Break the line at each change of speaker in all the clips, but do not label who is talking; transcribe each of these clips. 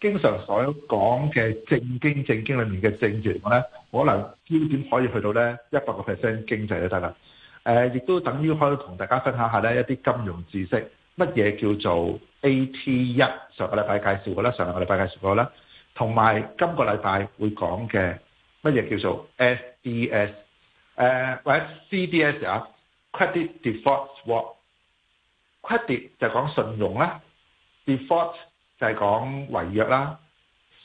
經常所講嘅正經正經裡面嘅證券咧，可能標點可以去到咧一百個 percent 經濟都得啦。誒，亦都等於可以同、呃、大家分享一下咧一啲金融知識，乜嘢叫做 AT 一？上個禮拜介紹過啦，上個禮拜介紹過啦，同埋今個禮拜會講嘅乜嘢叫做 SDS 誒，或者 CDS 啊，credit default swap，credit 就講信用啦，default。Def ault, 就係講違約啦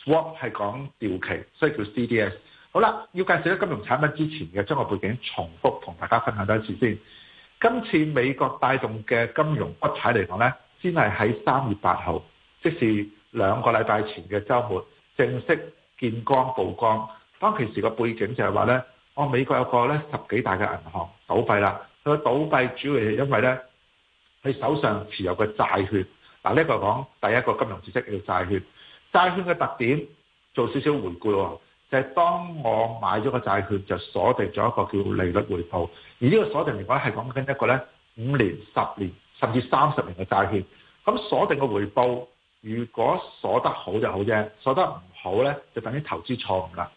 ，swap 係講掉期，所以叫 CDS。好啦，要介紹金融產品之前嘅將個背景重複同大家分享多一次先。今次美國帶動嘅金融不踩嚟講呢，先係喺三月八號，即是兩個禮拜前嘅週末正式見光曝光。當其時個背景就係話呢，我美國有個呢十幾大嘅銀行倒閉啦。佢個倒閉主要係因為呢，佢手上持有嘅債券。嗱，呢個講第一個金融知識叫債券。債券嘅特點，做少少回顧，就係當我買咗個債券，就鎖定咗一個叫利率回報。而呢個鎖定嚟講係講緊一個咧五年、十年甚至三十年嘅債券。咁鎖定嘅回報，如果鎖得好就好啫，鎖得唔好咧，就等於投資錯誤啦。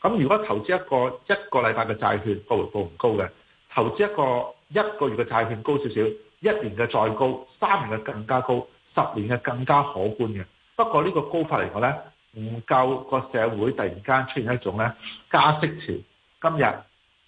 咁如果投資一個一個禮拜嘅債券，個回報唔高嘅；投資一個一個月嘅債券高少少，一年嘅再高，三年嘅更加高。十年嘅更加可觀嘅，不過呢個高法嚟講呢，唔夠個社會突然間出現一種呢加息潮。今日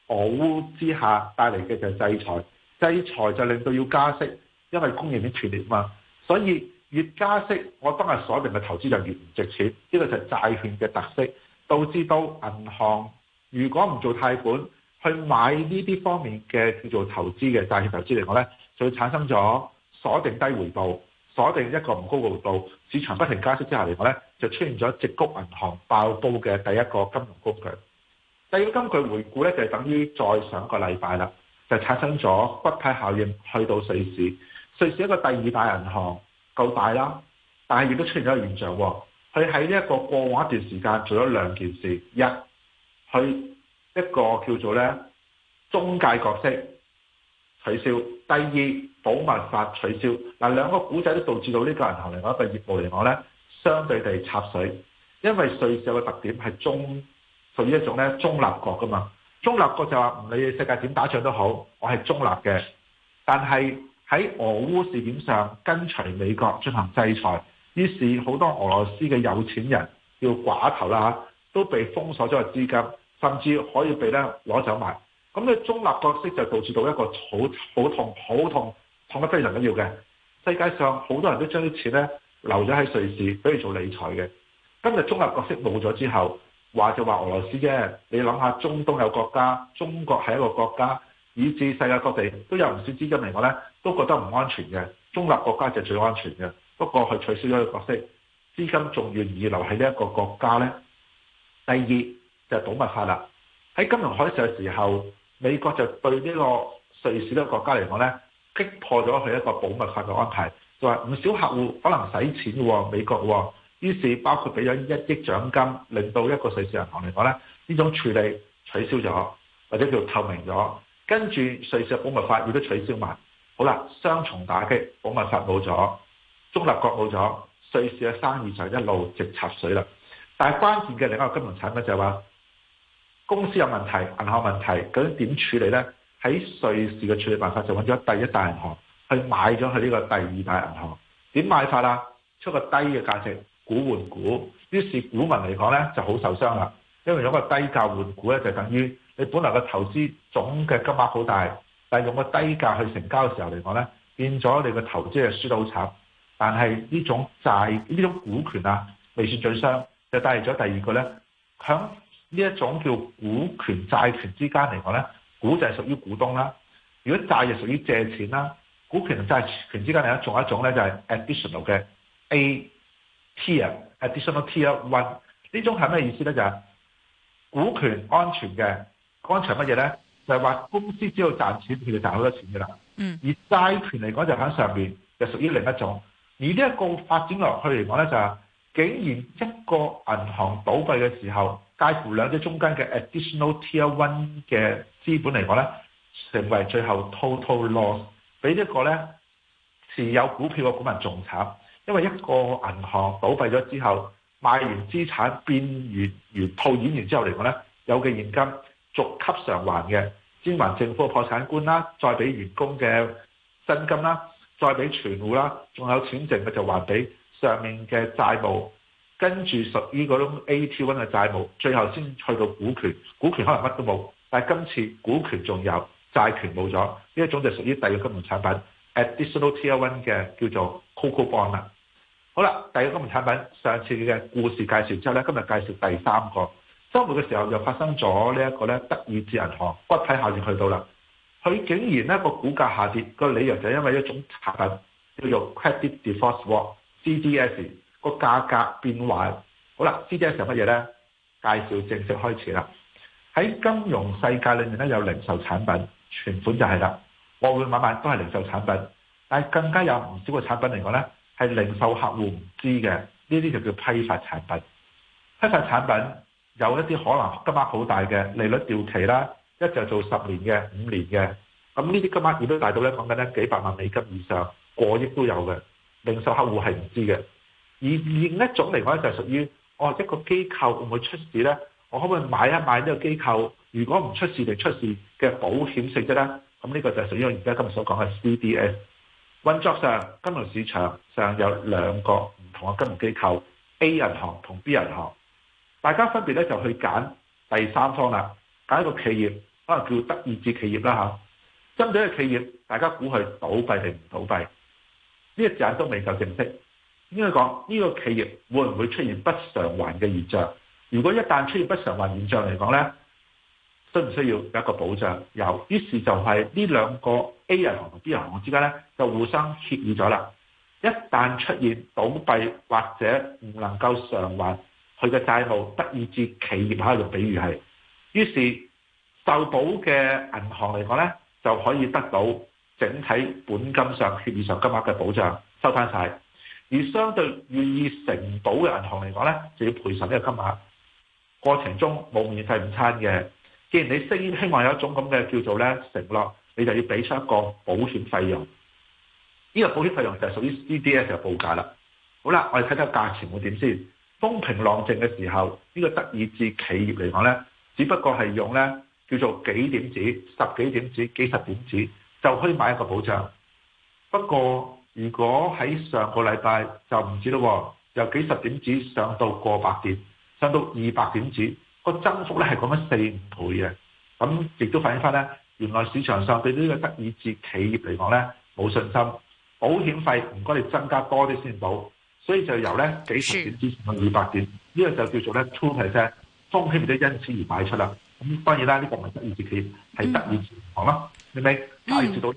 俄烏之下帶嚟嘅就係制裁，制裁就令到要加息，因為供應鏈斷裂嘛。所以越加息，我當日鎖定嘅投資就越唔值錢。呢、呢個就係債券嘅特色，導致到銀行如果唔做貸款，去買呢啲方面嘅叫做投資嘅債券投資嚟講呢，就會產生咗鎖定低回報。鎖定一個唔高嘅幅度，市場不停加息之下嚟講咧，就出現咗直谷銀行爆煲嘅第一個金融工具。第二個工具回顧咧，就係等於再上個禮拜啦，就產生咗骨牌效應去到瑞士。瑞士一個第二大銀行夠大啦，但係亦都出現咗個現象喎。佢喺呢一個過往一段時間做咗兩件事：一，佢一個叫做咧中介角色取消；第二。冇辦法取消嗱，兩個古仔都導致到呢個銀行另外一個業務嚟講咧，相對地插水，因為瑞士有個特點係中屬於一種咧中立國噶嘛，中立國就話唔理世界點打仗都好，我係中立嘅。但係喺俄烏事件上跟隨美國進行制裁，於是好多俄羅斯嘅有錢人要寡頭啦，都被封鎖咗個資金，甚至可以被咧攞走埋。咁咧中立角色就導致到一個好好痛好痛。很痛講得非常緊要嘅。世界上好多人都將啲錢咧留咗喺瑞士，畀佢做理財嘅。今日中立角色冇咗之後，話就話俄羅斯啫。你諗下，中東有國家，中國係一個國家，以至世界各地都有唔少資金嚟講咧，都覺得唔安全嘅。中立國家就係最安全嘅。不過佢取消咗個角色，資金仲願意留喺呢一個國家咧。第二就係保密法啦。喺金融海嘯嘅時候，美國就對呢個瑞士呢個國家嚟講咧。擊破咗佢一個保密法嘅安排，就話唔少客戶可能使錢喎，美國喎，於是包括俾咗一億獎金，令到一個瑞士銀行嚟講咧，呢種處理取消咗，或者叫透明咗，跟住瑞士嘅保密法亦都取消埋，好啦，雙重打擊，保密法冇咗，中立國冇咗，瑞士嘅生意就一路直插水啦。但係關鍵嘅另一個金融產品就係話，公司有問題，銀行問題，究竟點處理呢？喺瑞士嘅處理辦法就揾咗第一大銀行去買咗佢呢個第二大銀行，點買法啊？出個低嘅價值股換股，於是股民嚟講呢就好受傷啦，因為用個低價換股呢，就等於你本來個投資總嘅金額好大，但用個低價去成交嘅時候嚟講呢，變咗你個投資係輸到好慘。但係呢種債，呢種股權啊，未算最傷，就帶嚟咗第二個呢，響呢一種叫股權債權之間嚟講呢。股就係屬於股東啦，如果債就屬於借錢啦。股權同債權之間仲有一種一種咧就係 add additional 嘅 AT，additional tier one 呢種係咩意思咧？就係、是、股權安全嘅安全乜嘢咧？就係、是、話公司只要賺錢，佢就賺好多錢噶啦。嗯，而債權嚟講就喺上面，就屬於另一種。而呢一個發展落去嚟講咧，就係竟然一個銀行倒閉嘅時候。介乎兩者中間嘅 additional tier one 嘅資本嚟講咧，成為最後 total loss，俾一個咧持有股票嘅股民仲慘，因為一個銀行倒閉咗之後，賣完資產變完完套現完之後嚟講咧，有嘅現金逐級償還嘅，先還政府嘅破產官啦，再俾員工嘅薪金啦，再俾存戶啦，仲有錢剩嘅就還俾上面嘅債務。跟住屬於嗰種 AT1 嘅債務，最後先去到股權，股權可能乜都冇，但係今次股權仲有，債權冇咗，呢一種就屬於第二金融產品 Additional Tier 1嘅叫做 Coco bond 啦。好啦，第二個金融產品，上次嘅故事介紹之後咧，今日介紹第三個。周末嘅時候又發生咗呢一個咧德意志銀行骨體下跌去到啦，佢竟然咧個股價下跌，個理由就因為一種產品叫做 Credit Default Swap（CDS）。個價格變壞。好啦，CDS 係乜嘢呢？介紹正式開始啦。喺金融世界裏面咧，有零售產品存款就係啦。我會買賣都係零售產品，但係更加有唔少個產品嚟講呢，係零售客戶唔知嘅呢啲就叫批發產品。批發產品有一啲可能金額好大嘅利率掉期啦，一就做十年嘅、五年嘅咁呢啲金額亦都大到呢講緊呢幾百萬美金以上，過億都有嘅。零售客戶係唔知嘅。而另一種嚟講咧，就係屬於我一個機構會唔會出事呢？我可唔可以買一買呢個機構？如果唔出事定出事嘅保險性質呢？咁呢個就係屬於我而家今日所講嘅 CDS。運作上，金融市場上有兩個唔同嘅金融機構 A 銀行同 B 銀行，大家分別咧就去揀第三方啦，揀一個企業，可能叫德意志企業啦嚇。針對個企業，大家估佢倒閉定唔倒閉？呢一隻都未夠正式。應該講呢個企業會唔會出現不償還嘅現象？如果一旦出現不償還現象嚟講，呢需唔需要有一個保障？有，於是就係呢兩個 A 銀行同 B 銀行之間呢，就互相協議咗啦。一旦出現倒閉或者唔能夠償還佢嘅債務，得以至企業喺度，比如係，於是受保嘅銀行嚟講呢就可以得到整體本金上協議上金額嘅保障，收翻晒。而相對願意承保嘅銀行嚟講呢就要賠償呢個金額。過程中冇免費午餐嘅，既然你希希望有一種咁嘅叫做咧承諾，你就要俾出一個保險費用。呢個保險費用就係屬於 CDS 嘅報價啦。好啦，我哋睇睇價錢會點先。風平浪靜嘅時候，呢個德意志企業嚟講呢只不過係用呢叫做幾點子、十幾點子、幾十點子就可以買一個保障。不過，如果喺上個禮拜就唔知啦，由幾十點子上到過百點，上到二百點子，個增幅咧係講緊四五倍嘅。咁亦都反映翻咧，原來市場上對呢個德意志企業嚟講咧冇信心，保險費唔該你增加多啲先到，所以就由咧幾十點子上到二百點，呢個就叫做咧 two percent 風險都因此而賣出啦。咁當然啦，呢個唔係德意志企業，係德意志銀行咯，嗯、明唔明？睇住到